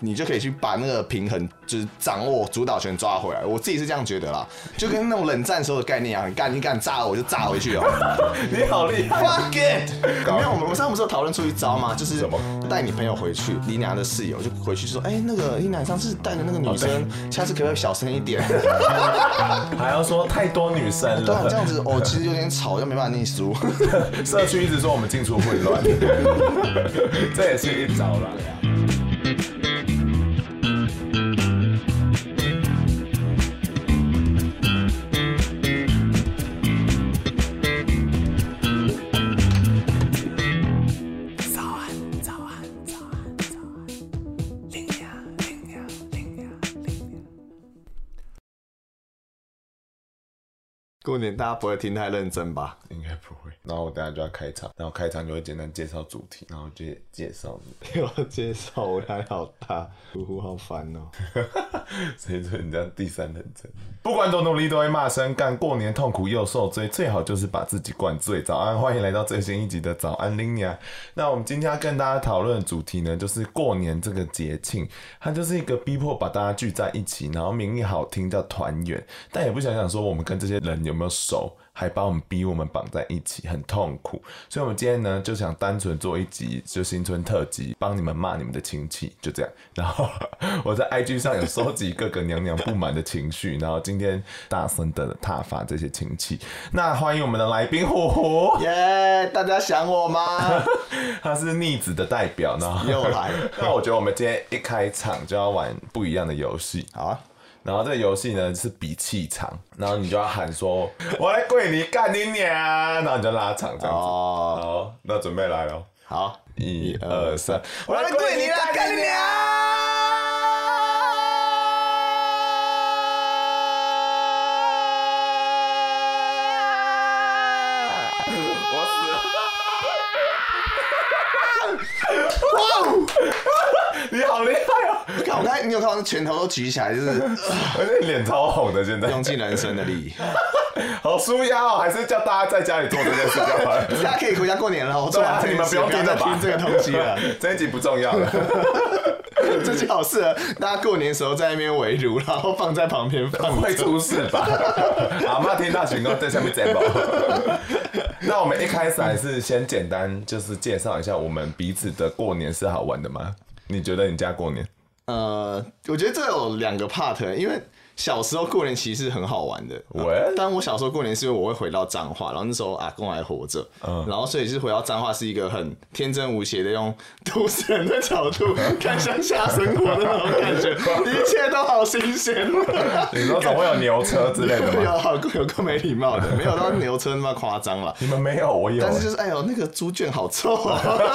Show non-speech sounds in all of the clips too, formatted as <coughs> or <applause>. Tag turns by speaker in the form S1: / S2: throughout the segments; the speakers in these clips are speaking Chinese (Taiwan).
S1: 你就可以去把那個平衡，就是掌握主導權抓回來。我自己是這樣覺得啦，就跟那種冷戰的時候的概念啊，你幹你敢炸，我就炸回去哦、喔。你好厲害、喔！Fuck it！高、欸、沒有，我們我們上次不是討論出一招嘛，就是帶你朋友回去。拎娘的室友就回去說，哎、欸，那個拎娘上次帶的那個女生，哦、下次可不可以小聲一點？還要說太多女生、欸，對、啊、這樣子哦、喔，其實有點吵，就沒辦法念書。社區一直說我們進出混亂， <laughs> <laughs> 這也是一招了呀。過年大家不會聽太認真吧？應該不會。然後我等下就要開場，然後開場就會簡單介紹主題，然後就介介紹。給我介紹，我還好大，嗚呼，好煩哦。所以說你這樣第三人稱，不管多努力都會罵聲幹。過年痛苦又受罪，最好就是把自己灌醉。早安，歡迎來到最新一集的早安拎娘。那我們今天要跟大家討論的主題呢，就是過年這個節慶，它就是一個逼迫把大家聚在一起，然後名義好聽叫團圓，但也不想想說我們跟這些人有。有沒有熟，還把我們逼我們綁在一起，很痛苦。所以，我們今天呢就想單純做一集，就新春特輯，幫你們罵你們的親戚，就這樣。然後我在 IG 上有收集各個娘娘不滿的情緒， <laughs> 然後今天大聲的撻伐這些親戚。那歡迎我們的來賓，胡胡耶！Yeah, 大家想我嗎？ <laughs> 他是逆子的代表呢，然後又來。那 <laughs> 我覺得我們今天一開場就要玩不一樣的遊戲，好啊。然後這個遊戲呢是比氣場，然後你就要喊說， <laughs> 我來跪你幹你娘，然後你就拉長這樣子。哦，好，那準備來嘍。好，一二三，我來跪你啦，你你拉幹你娘！ <laughs> <laughs> <laughs> 我死了！哇！ <laughs> <laughs> 你好厲害哦！你看，我看，你有看到，那拳頭都舉起來，就是，而且臉超紅的，現在用盡男生的力好舒壓哦，還是叫大家在家裡做這件事情，大家可以回家過年了，對，你們不用聽這個東西了，這一集不重要了。這就好，適合大家過年的時候在那邊圍爐，然後放在旁邊，不會出事吧？阿媽天大神都在上面占寶。那我們一開始還是先簡單就是介紹一下，我們彼此的過年是好玩的嗎？你覺得你家過年？呃，我覺得這有兩個 part，因為小時候過年其實是很好玩的喂、啊，但我小時候過年是因為我會回到彰化，然後那時候阿公還活着，嗯、然後所以就是回到彰化是一個很天真無邪的，用都市人的角度 <laughs> 看鄉下生活的那種感覺， <laughs> 一切都好新鮮。 <laughs> 你說怎麼會有牛車之類的？有好，有個沒禮貌的，沒有到牛車那麼誇張了。 <laughs> 你們沒有，我有。但是就是，哎呦，那個豬圈好臭、喔、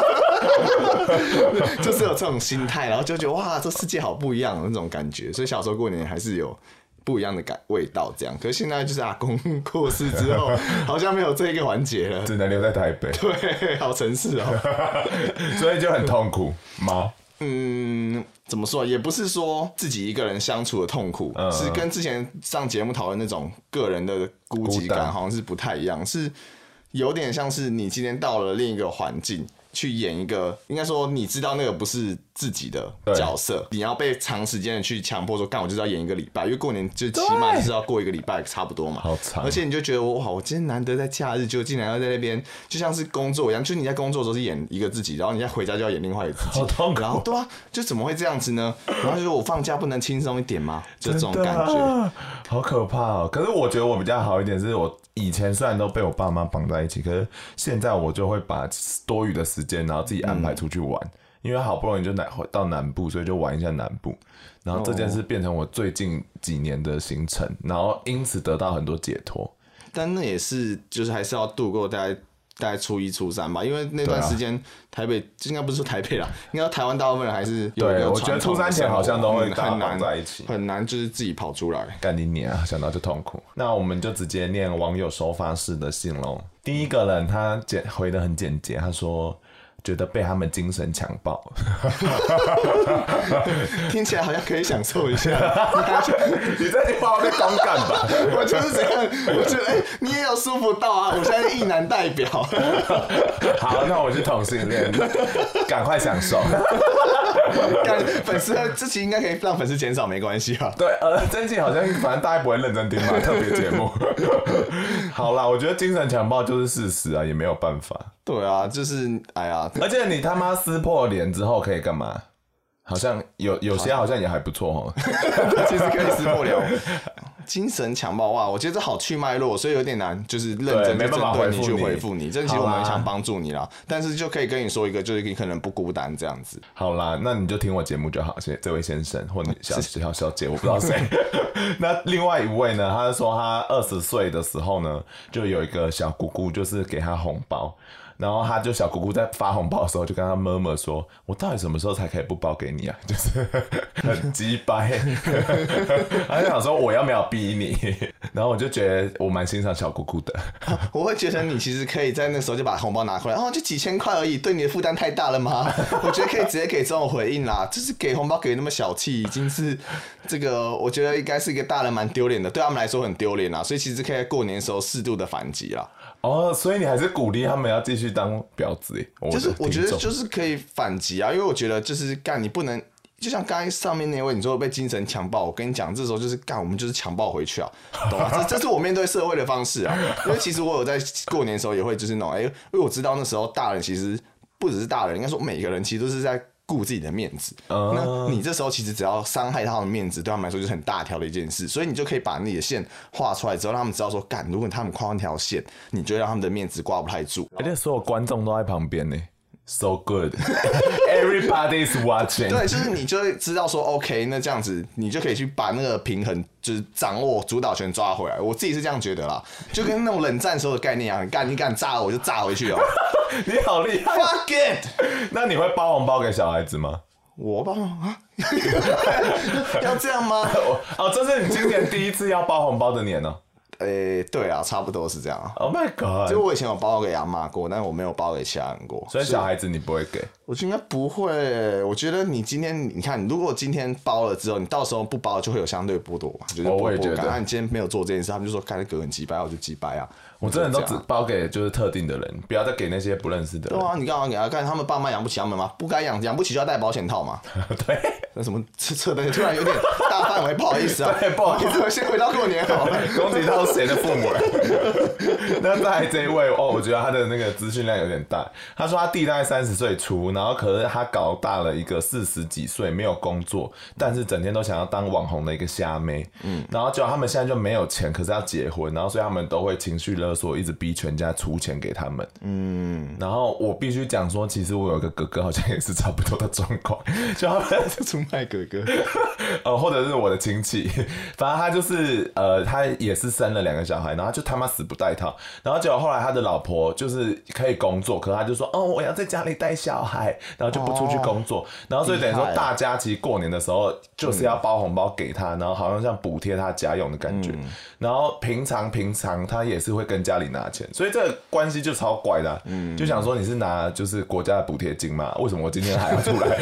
S2: <laughs> 就
S1: 是有這種心態，然後就覺得哇，這世界好不一樣、喔、那種感覺。所以小時候過年還是有。不一樣的感味道，這樣。可是現在就是阿公過世之後，好像沒有這一個環節了，只能留在台北。對，好城市哦、喔， <laughs> 所以就很痛苦嗎？媽，嗯，怎麼說？也不是說自己一個人相處的痛苦，嗯嗯，是跟之前上節目討論那種個人的孤寂感，好像是不太一樣，單是有點像是你今天到了另一個環境。去演一個，應該說你知道那個不是自己的角色，對你要被長時間的去強迫說幹，我就知道演一個禮拜，因為過年就起碼是要過一個禮拜對差不多嘛。好慘慘！而且你就覺得我好，我今天難得在假日，就竟然要在那邊，就像是工作一樣，就你在工作的時候是演一個自己，然後你再回家就要演另外一個自己。好痛苦！然後對啊，就怎麼會這樣子呢？然後就是我放假不能輕鬆一點嗎？ <coughs> 就這種感覺、啊、好可怕哦。可是我覺得我比較好一點，是我。以前雖然都被我爸媽綁在一起，可是現在我就會把多餘的時間，然後自己安排出去玩，嗯、因為好不容易就來到南部，所以就玩一下南部。然後這件事變成我最近幾年的行程，哦、然後因此得到很多解脫。但那也是，就是還是要度過大家。大概初一、初三吧，因為那段時間、啊、台北，應該不是台北啦，應該台灣大部分人還是。對，我覺得初三前好像都會很難，在一起、嗯，很，很難就是自己跑出來。幹你娘，想到就痛苦。那我們就直接念網友收發室的信咯。第一個人他簡回的很簡潔，他說。覺得被他們精神強暴， <laughs> 聽起來好像可以享受一下。你在 <laughs> 這包被公幹吧 <laughs> 我就是這樣，我覺得、欸、你也有舒服到啊。我現在是異男代表， <laughs> 好，那我是同性戀，趕快享受。 <laughs> <laughs> 粉絲，這期應該可以讓粉絲減少，沒關係吧？啊。對，呃，這期好像反正大家不會認真聽嘛， <laughs> 特別節目。 <laughs> 好啦，我覺得精神強暴就是事實啊，也沒有辦法。對啊，就是哎呀，而且你他媽撕破臉之後可以幹嘛？好像有有些好像也還不錯哦，像 <laughs> 其實可以撕破臉。 <laughs> <laughs> 精神強暴啊，我覺得這好去脈絡，所以有點難，就是認真對。對，沒辦法回復你。去回覆你，這其實我們想幫助你啦，啦但是就可以跟你說一個，就是你可能不孤單這樣子。好啦，那你就聽我節目就好，先這位先生或你小小,小姐，是我不知道誰。 <laughs> <laughs> 那另外一位呢？他是說他二十歲的時候呢，就有一個小姑姑，就是給他紅包。然後他就小姑姑在發紅包的時候，就跟他 murmur 說：“我到底什麼時候才可以不包給你啊？”就是很雞掰， <laughs> 他就想說：“我又沒有逼你。”然後我就覺得我蠻欣賞小姑姑的。啊，我會覺得你其實可以在那時候就把紅包拿回來，哦，就幾千塊而已，對你的負擔太大了嗎？ <laughs> 我覺得可以直接給這種回應啦，就是給紅包給你那麼小氣，已經是這個，我覺得應該是一個大人蠻丟臉的，對他們來說很丟臉啦。所以其實可以在過年的時候適度的反擊啦。哦，oh, 所以你還是鼓勵他們要繼續當婊子？哎，就是我覺得就是可以反擊啊，因為我覺得就是幹你不能，就像剛才上面那位你說被精神強暴，我跟你講，這時候就是幹我們就是強暴回去啊，懂嗎、啊？這 <laughs> 這是我面對社會的方式啊，因為其實我有在過年的時候也會就是那種，哎、欸，因為我知道那時候大人其實不只是大人，應該說每個人其實都是在。顧自己的面子，uh、那你這時候其實只要傷害他們的面子，對他們來說就是很大條的一件事，所以你就可以把你的線畫出來之後，讓他們知道說，幹，如果他們跨那條線，你就讓他們的面子掛不太住。而且、欸、所有觀眾都在旁邊呢、欸、，So good。 <laughs> <laughs> Everybody is watching。對，就是你就會知道說，OK，那這樣子你就可以去把那個平衡，就是掌握主導權抓回來。我自己是這樣覺得啦，就跟那種冷戰的時候的概念一樣，敢你敢炸了我就炸回去哦。 <laughs> 你好厲害、喔！Fuck it！ <laughs> 那你會包紅包給小孩子嗎？我包啊？ <laughs> 要這樣嗎？ <laughs> 哦，這是你今年第一次要包紅包的年呢、喔。誒、欸，對啊，差不多是這樣。Oh my god！所以我以前有包給阿媽過，但是我沒有包給其他人過。所以小孩子你不會給？我覺得應該不會。我覺得你今天你看，如果今天包了之後，你到時候不包，就會有相對剝奪感。我也覺得。那你今天沒有做這件事，他們就說：看，那個很機掰，我就機掰啊。我真的都只包給就是特定的人，不要再給那些不認識的人。對啊，你幹嘛給他看？他們爸媽養不起他們嗎？不該養，養不起就要戴保險套嘛。 <laughs> 對，那什麼車扯東西，突然有點大範圍， <laughs> 不好意思啊。不好意思， <laughs> 我先回到過年好恭喜到誰的父母了？ <laughs> 那在這一位哦，我覺得他的那個資訊量有點大。他說他弟大概三十歲出，然後可是他搞大了一個四十幾歲沒有工作，但是整天都想要當網紅的一個蝦妹。嗯，然後就他們現在就沒有錢，可是要結婚，然後所以他們都會情緒了所以一直逼全家出錢給他們，嗯，然後我必須講說，其實我有一個哥哥，好像也是差不多的狀況， <laughs> 就後來就出賣哥哥， <laughs> 呃，或者是我的親戚，反正他就是呃，他也是生了兩個小孩，然後就他媽死不帶套，然後結果後來他的老婆就是可以工作，可是他就說，哦，我要在家裡帶小孩，然後就不出去工作，哦、然後所以等於說大家其實過年的時候就是要包紅包給他，嗯、然後好像像補貼他家用的感覺，嗯、然後平常平常他也是會跟。家裡拿錢，所以這個關係就超怪的啊。嗯、就想說你是拿就是國家的補貼金嘛？為什麼我今天還要出來？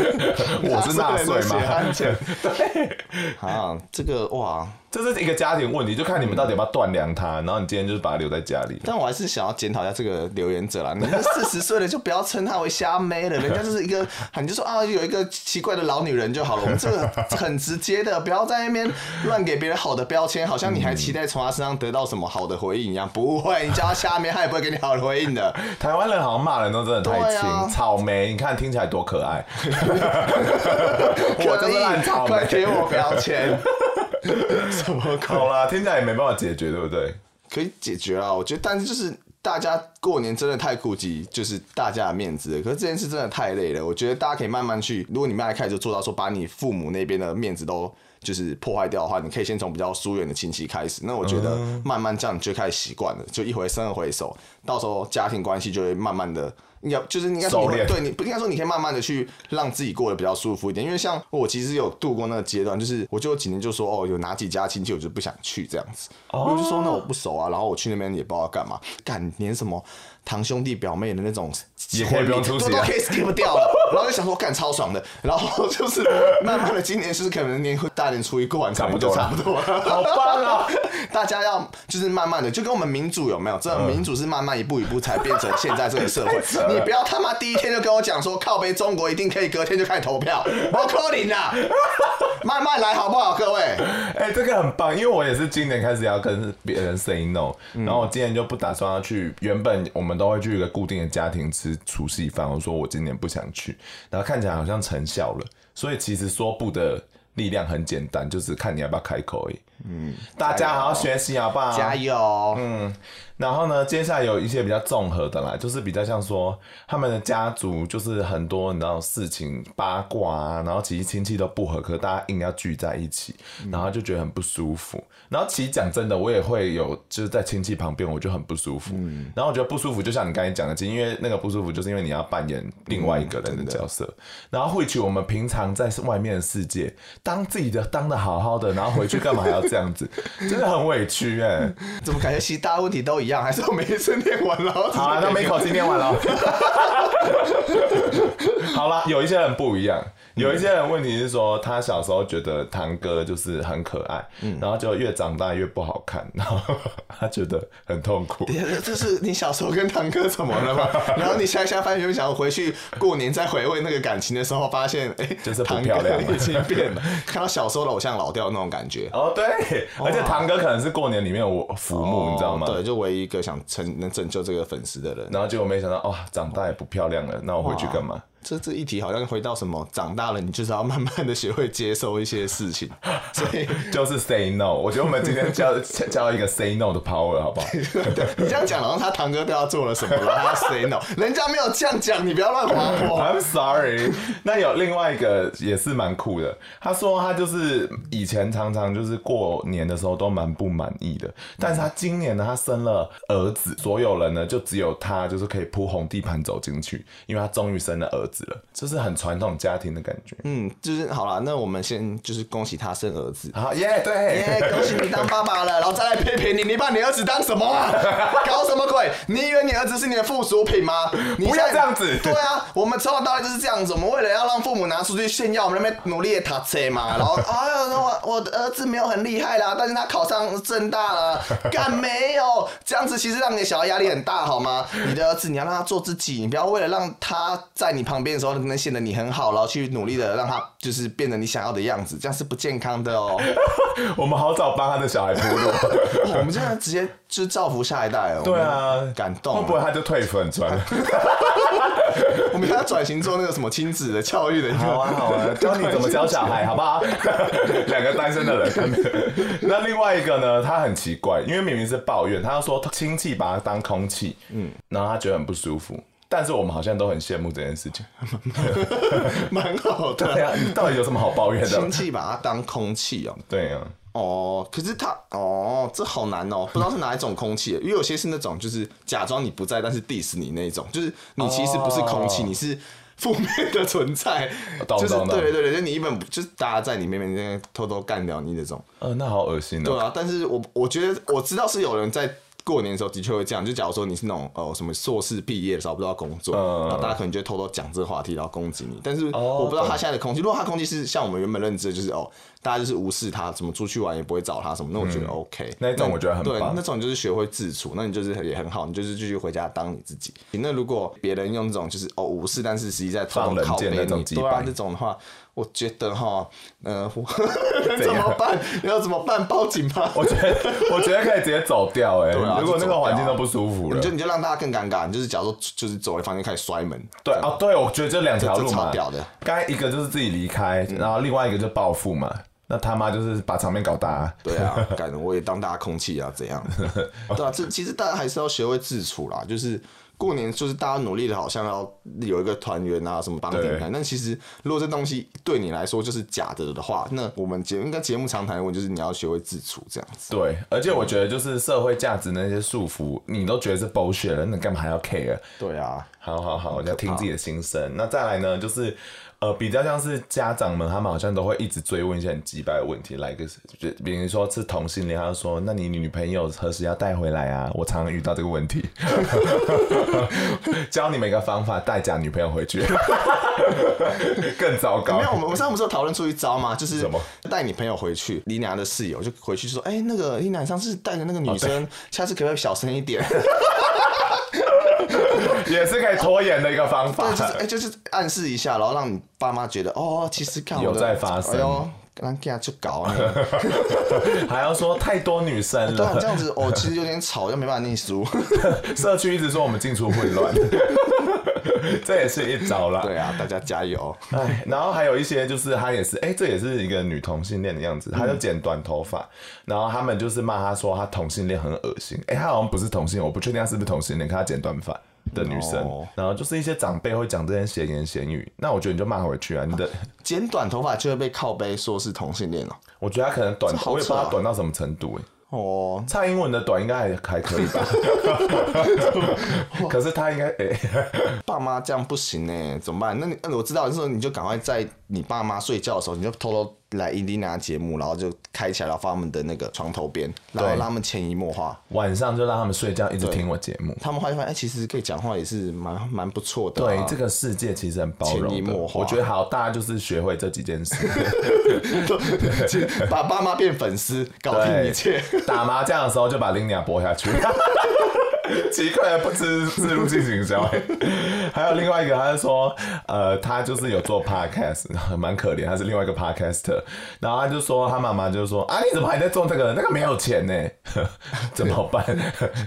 S1: <laughs> 我是納稅嘛？稅安全？對好，這個哇。這是一個家庭問題，就看你們到底要不要斷糧她。嗯、然後你今天就是把她留在家裡。但我還是想要檢討一下這個留言者啦。你四十歲了，就不要稱她為瞎妹了。 <laughs> 人家就是一個，很，就說啊，有一個奇怪的老女人就好了。 <laughs> 我們這個很直接的，不要在那邊亂給別人好的標籤，好像你還期待從她身上得到什麼好的回應一樣。嗯、不會，你叫她瞎妹，她 <laughs> 也不會給你好的回應的。台灣人好像罵人都真的太輕，啊、草莓，你看聽起來多可愛。 <laughs> <laughs> 我真的很草莓，給我標籤。 <laughs> 怎 <laughs> 麼搞鬼 啦？天下也沒辦法解決，對不對？可以解決啊，我覺得。但是就是大家過年真的太顧及，就是大家的面子了。可是這件事真的太累了，我覺得大家可以慢慢去。如果你邁開始就做到，說把你父母那邊的面子都。就是破壞掉的話，你可以先從比較疏遠的親戚開始。那我覺得慢慢這樣你就開始習慣了，嗯、就一回生二回熟，到時候家庭關係就會慢慢的，應該就是應該說你會熟練對你不應該說你可以慢慢的去讓自己過得比較舒服一點。因為像我其實有度過那個階段，就是我就幾年就說哦，有哪幾家親戚我就不想去這樣子，哦、我就說那我不熟啊，然後我去那邊也不知道幹嘛，干連什麼。堂兄弟、表妹的那種機會，都都可以 skip 掉了。然後就想說幹，超爽的，然後就是那慢的今年就是可能年會大年初一過完，差不多就差不多了，好棒啊！ <laughs> 大家要就是慢慢的，就跟我們民主有沒有？這個、民主是慢慢一步一步才變成現在這個社會。 <laughs> 扯了 你不要他媽第一天就跟我講說 <laughs> 靠北中國一定可以，隔天就開始投票，我要你啦， <laughs> 慢慢來好不好，各位？哎、欸，這個很棒，因為我也是今年開始要跟別人 say no，、嗯、然後我今年就不打算要去。原本我們都會去一個固定的家庭吃除夕飯，我說我今年不想去，然後看起來好像成效了。所以其實說不的力量很簡單，就是看你要不要開口、欸。嗯，大家好好油學習好不好？加油。嗯，然後呢，接下來有一些比較綜合的啦，就是比較像說他們的家族，就是很多你知道事情八卦啊，然後其實親戚都不和，可大家硬要聚在一起，然後就覺得很不舒服。嗯、然後其實講真的，我也會有，就是在親戚旁邊，我就很不舒服。嗯、然後我覺得不舒服，就像你剛才講的，其實因為那個不舒服，就是因為你要扮演另外一個人的角色，嗯、然後回去我們平常在外面的世界，當自己的當的好好的，然後回去干嘛還要做？ <laughs> 這樣子真的很委屈哎、欸，怎麼感覺其他問題都一樣， <laughs> 還是我每一次念完了？好、啊， <laughs> 那每口氣念完了。 <laughs> <laughs> 好了，有一些人不一樣。有一些人問你是說，他小時候覺得堂哥就是很可愛，然後就越長大越不好看，然後他覺得很痛苦。就是你小時候跟堂哥怎麼了嗎？然後你一下一下發現想回去過年再回味那個感情的時候，發現哎，就是不漂亮，已經變了，看到小時候的偶像老掉那種感覺。哦，對，而且堂哥可能是過年裡面我浮木，你知道嗎？對，就唯一一個想成能拯救這個粉絲的人，然後結果沒想到哦，長大也不漂亮了，那我回去幹嘛？這這一題好像回到什麼？長大了，你就是要慢慢的學會接受一些事情，所以 <laughs> 就是 say no。我覺得我們今天教教 <laughs> 一個 say no 的 power，好不好？ <laughs> 你這樣講，然後他堂哥都要做了什麼，然後他 say no？ <laughs> 人家沒有這樣講，你不要亂劃我。 <laughs> Oh, I'm sorry。 <laughs> 那有另外一個也是蠻酷的，他說他就是以前常常就是過年的時候都蠻不滿意的，但是他今年呢，他生了兒子，嗯、所有人呢就只有他就是可以鋪紅地毯走進去，因為他終於生了兒子。子了，這是很傳統家庭的感覺。嗯，就是好了，那我們先就是恭喜他生兒子。好耶、啊，yeah, 對，耶，yeah, 恭喜你當爸爸了。然後再來批評你，你把你兒子當什麼、啊、 <laughs> 搞什麼鬼？你以為你兒子是你的附屬品嗎？ <laughs> 你不要這樣子。對啊，我們從小到大就是這樣子。我們為了要讓父母拿出去炫耀，我們那邊努力讀書嘛。然後， <laughs> 哎呦，我我的兒子沒有很厲害啦，但是他考上政大了，幹 <laughs> 沒有？這樣子其實讓你小孩壓力很大，好嗎？ <laughs> 你的兒子你要讓他做自己，你不要為了讓他在你旁。變的時候，能顯得你很好，然後去努力的讓他就是變成你想要的樣子，這樣是不健康的哦。 <laughs> 我們好早幫他的小孩鋪路、 <laughs> 哦，我們現在直接就造福下一代哦。對啊，感動，會不會他就退粉出來。 <laughs> <laughs> 我們看他轉型做那個什麼親子的教育的一個玩好玩，好啊好啊，教你怎麼教小孩好不好？兩 <laughs> 個單身的人， <laughs> 那另外一個呢？他很奇怪，因為明明是抱怨，他說親戚把他當空氣，嗯，然後他覺得很不舒服。但是我們好像都很羨慕這件事情，蠻 <laughs> 好的呀、啊！你、 <laughs> 啊、到底有什麼好抱怨的？親戚把它當空氣哦、喔。對呀、啊。哦，可是他哦，這好難哦、喔，不知道是哪一種空氣， <laughs> 因為有些是那種就是假裝你不在，但是 diss 你那種，就是你其實不是空氣，哦、你是負面的存在，啊、到到就是對對對，就你一本就是大家在你面前偷偷幹掉你那種。嗯、呃，那好噁心哦、喔。對啊，但是我我覺得我知道是有人在。過年的時候的確會這樣，就假如說你是那種呃什麼碩士畢業找不到工作，然後、uh. 大家可能就會偷偷講這個話題，然後攻擊你。但是我不知道他現在的空氣，uh. 如果他空氣是像我們原本認知的，就是哦。呃大家就是無視他，怎麼出去玩也不會找他什麼，那我覺得 OK。那一種我覺得很好。對，那種就是學會自處，那你就是也很好，你就是繼續回家當你自己。那如果別人用這種就是哦無視，但是實際在偷偷拷的那種，一般這種的話，我覺得哈，呃，怎麼辦？要怎麼辦？報警嗎？我覺得，我覺得可以直接走掉。哎，如果那個環境都不舒服了，就你就讓大家更尷尬。你就是假如說，就是走回房間開始摔門。對啊，對，我覺得這兩條路嘛，剛才一個就是自己離開，然後另外一個就報復嘛。那他媽就是把場面搞大，啊嗯，對啊，幹，我也當大家空氣啊，怎樣？ <laughs> 對啊，這其實大家還是要學會自處啦。就是過年，就是大家努力的好像要有一個團圓啊，什麼幫頂台。對但其實如果這東西對你來說就是假的的話，那我們節目應該節目常談問就是你要學會自處，這樣子。對，而且我覺得就是社會價值那些束縛，嗯、你都覺得是 bullshit、er、了，對那你幹嘛還要 care？對啊。好好好，我就要聽自己的心聲。怕那再來呢，就是呃，比較像是家長們，他們好像都會一直追問一些很急巴的問題，來個，比如說是同性戀，他就說：“那你女朋友何時要帶回來啊？”我常常遇到這個問題。 <laughs> <laughs> 教你們一個方法，帶假女朋友回去， <laughs> 更糟糕、欸。沒有，我們我們上次不是有討論出一招嗎？就是什麼？帶你朋友回去，拎娘的室友就回去說：“哎、欸，那個拎娘上次帶的那個女生，哦、下次可不可以小聲一點？” <laughs> 也是可以拖延的一個方法，啊就是欸、就是暗示一下，然後讓你爸媽覺得哦，其實看我有在發生，哎呦，就、啊、 <laughs> 還要說太多女生了，欸對啊、這樣子我、哦、其實有點吵，又沒辦法念書。 <laughs> 社區一直說我們進出混亂， <laughs> 這也是一招啦。對啊，大家加油。然後還有一些就是她也是，哎、欸，這也是一個女同性戀的樣子，她、嗯、就剪短頭髮，然後他們就是罵她說她同性戀很惡心，哎、欸，她好像不是同性，我不確定她是不是同性戀，看她剪短髮。的女生，No 然後就是一些長輩會講這些閒言閒語，那我覺得你就罵回去啊！你的、啊、剪短頭髮就會被靠背說是同性戀了、哦，我覺得他可能短，我也不知道短到什麼程度哎、欸。哦、oh，蔡英文的短應該還還可以吧？可是他應該哎，欸、 <laughs> 爸媽這樣不行哎、欸，怎麼辦？那你，我知道，就是你就趕快在你爸媽睡覺的時候，你就偷偷。來拎娘節目，然後就開起來。然後放他們的那個床頭邊，然後讓他們潛移默化，對晚上就讓他們睡覺，一直聽我節目。他們發現，哎、欸，其實可以講話也是蠻蠻不錯的、啊。對，這個世界其實很包容。潛移默化，我覺得好，大家就是學會這幾件事， <laughs> 把爸媽變粉絲，搞定一切。對 <laughs> 打麻將的時候就把拎娘播下去， <laughs> <laughs> 奇怪，不知置入性行銷進行中。 <laughs> 還有另外一個，他就說，呃，他就是有做 podcast，蠻 <laughs> 可憐，他是另外一個 podcaster，然後他就說，他媽媽就說，啊，你怎麼還在做這個？那個沒有錢呢，怎麼辦？啊、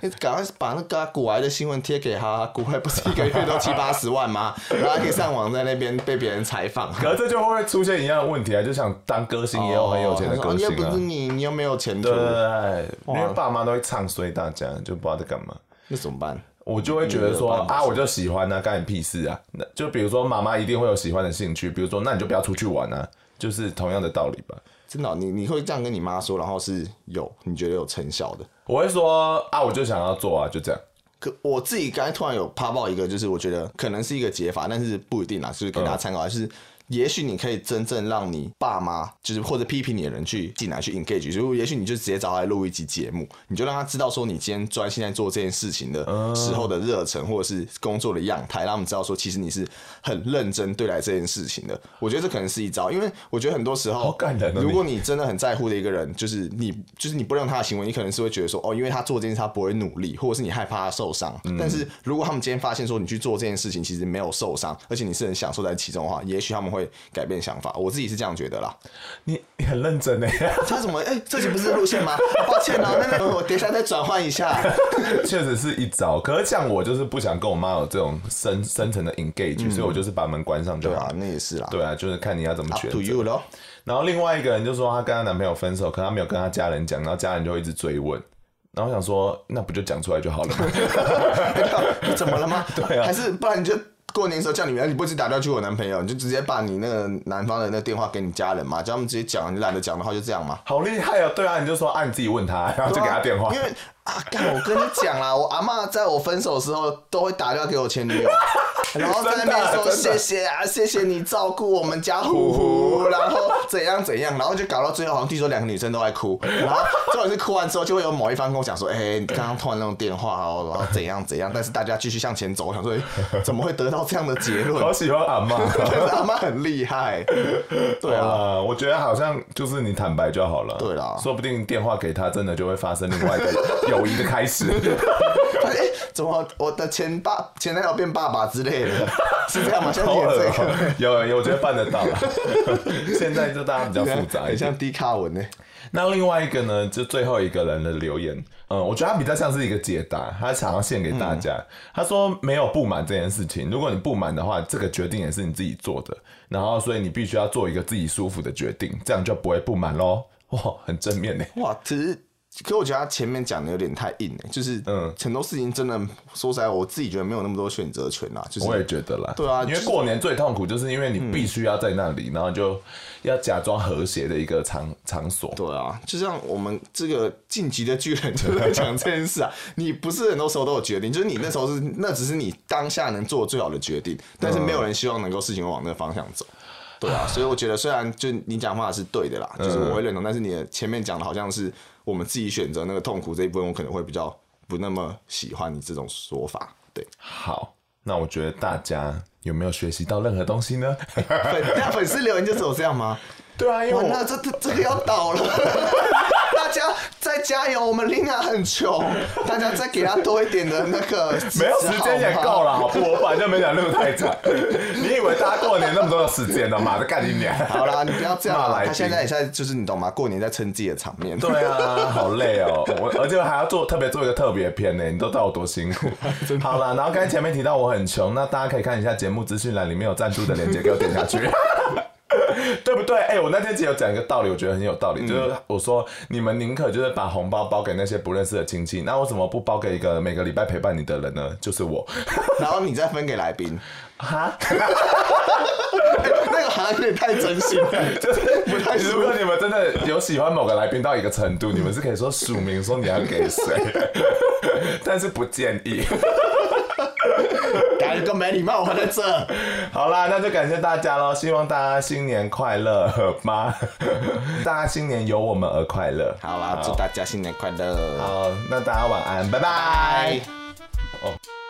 S1: 你趕快把那個股癌的新聞貼給他，股癌不是一個月都七八十萬嗎？ <laughs> 然後他可以上網在那邊被別人採訪。 <laughs> 然後可是 <laughs> 這就會出現一樣的問題啊，就想當歌星也有很有錢的歌星又、啊哦哦哦啊、不是你你又沒有錢，對，因為哇爸媽都會唱衰，所以大家就不知道在幹嘛，那怎麼辦？我就會覺得說啊，我就喜歡啊，幹你屁事啊！那就比如說，媽媽一定會有喜歡的興趣，比如說，那你就不要出去玩啊，就是同樣的道理吧。真的、哦，你你會這樣跟你媽說，然後是有你覺得有成效的？我會說啊，我就想要做啊，就這樣。可我自己剛才突然有啪爆一個，就是我覺得可能是一個解法，但是不一定啊，就是，是給大家參考，還是、嗯。也許你可以真正讓你爸媽，就是或者批評你的人去進來去 engage，就也許你就直接找他來錄一集節目，你就讓他知道說你今天專心在做這件事情的、嗯、時候的熱忱，或者是工作的樣態，讓他們知道說其實你是很認真對待這件事情的。我覺得這可能是一招，因為我覺得很多時候，如果你真的很在乎的一個人，就是你就是你不認同他的行為，你可能是會覺得說哦，因為他做這件事他不會努力，或者是你害怕他受傷。嗯、但是如果他們今天發現說你去做這件事情其實沒有受傷，而且你是很享受在其中的話，也許他們。會改變想法，我自己是這樣覺得啦。你你很認真呢、欸？他怎麼哎、欸，這集不是路線嗎？啊、抱歉哦、啊，那個我等一下再轉換一下，確實是一招。可是像我就是不想跟我媽有這種深深層的 engage、嗯、所以我就是把門關上就好，對啊，那也是啦，對啊，就是看你要怎麼選擇、啊哦、然後另外一個人就說她跟她男朋友分手，可她沒有跟她家人講，然後家人就會一直追問。然後我想說那不就講出來就好了嗎？怎麼了嗎？對啊，還是不然你就。過年的時候叫你們，你不是打電話去我男朋友，你就直接把你那個男方的那個電話給你家人嘛，叫他們直接講。你懶得講的話，就這樣嘛。好厲害哦、喔！對啊，你就說按、啊、你自己問他，啊、然後就給他電話。因為啊！幹，我跟你講啦，我阿媽在我分手的時候都會打電話給我前女友，然後在那邊說謝謝啊，謝謝你照顧我們家胡胡，然後怎樣怎樣，然後就搞到最後好像聽說兩個女生都在哭，然後最後是哭完之後就會有某一方跟我講說，哎、欸，你剛剛通完那種電話哦、喔，然後怎樣怎樣，但是大家繼續向前走，我想說、欸、怎麼會得到這樣的結論？我好喜歡阿媽， <laughs> 但是阿媽很厲害，對啊，我覺得好像就是你坦白就好了，對啦，對啦說不定電話給他真的就會發生另外一個。 <laughs> 友誼的開始，哎、 <laughs> 欸，怎麼我的前爸前男友變爸爸之類的，是這樣嗎？喔、有有，我覺得辦得到。 <laughs> 現在就大家比較複雜，很像低卡文呢。那另外一個呢，就最後一個人的留言，嗯，我覺得他比較像是一個解答，他想要獻給大家。嗯、他說沒有不滿這件事情，如果你不滿的話，這個決定也是你自己做的，然後所以你必須要做一個自己舒服的決定，這樣就不會不滿嘍。哇，很正面呢。哇，其實。可是我覺得他前面講的有點太硬了，欸，就是嗯，很多事情真的，嗯、說實在我自己覺得沒有那麼多選擇權吶，啊，就是，我也覺得啦，對啊，因為過年最痛苦就是因為你必須要在那裡，嗯、然後就要假裝和諧的一個場場所，對啊，就像我們這個晉級的巨人就在講這件事啊， <laughs> 你不是很多時候都有決定，就是你那時候是 <laughs> 那只是你當下能做最好的決定，但是沒有人希望能夠事情往那個方向走。對啊，所以我覺得雖然就你講方法是對的啦，嗯、就是我會認同，但是你前面講的好像是我們自己選擇那個痛苦這一部分，我可能會比較不那麼喜歡你這種說法。對，好，那我覺得大家有沒有學習到任何東西呢？ <laughs> 粉粉粉絲留言就是有這樣嗎？ <laughs> 對啊，因、哎、為那這 <laughs> 這個要倒了。 <laughs> 大家再加油，我們琳娜很窮，大家再給他多一點的那個。 <laughs> 沒有時間也夠了， <laughs> 我反正沒想到那麼太長。 <laughs> 你以為大家過年那麼多的時間呢？馬在幹你娘。好啦，你不要這樣。來他現在也現在就是你懂嗎？過年在撐自己的場面。對啊，好累哦、喔，我而且還要做特別做一個特別篇呢，你都知道我多辛苦。 <laughs> 好了，然後剛才前面提到我很窮，那大家可以看一下節目資訊欄裡面有贊助的鏈接，給我點下去。 <laughs> 對不對？哎、欸，我那天只有講一個道理，我覺得很有道理，嗯、就是我說你們寧可就是把紅包包給那些不認識的親戚，那為什麼不包給一個每個禮拜陪伴你的人呢？就是我， <laughs> 然後你再分給來賓。哈、 <laughs> 欸，那個好像有點太真心了，就是不太。如果你們真的有喜歡某個來賓到一個程度，嗯、你們是可以說署名說你要給誰， <laughs> 但是不建議。 <laughs> 一個沒禮貌還在這兒， <laughs> 好啦，那就感謝大家嘍，希望大家新年快樂好吧， <laughs> 大家新年由我們而快樂，好啦，好祝大家新年快樂，好，那大家晚安，好拜拜。拜拜哦